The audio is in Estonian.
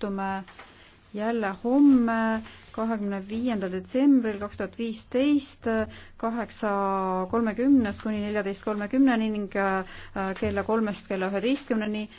kohtume jälle homme, kahekümne viiendal detsembril kaks tuhat viisteist kaheksa kolmekümnest kuni neljateist kolmekümneni ning äh, kella kolmest kella üheteistkümneni.